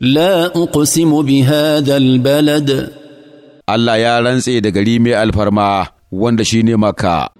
لا أقسم بهذا البلد الله يا رنسي دقريمي الفرما وندشيني مكة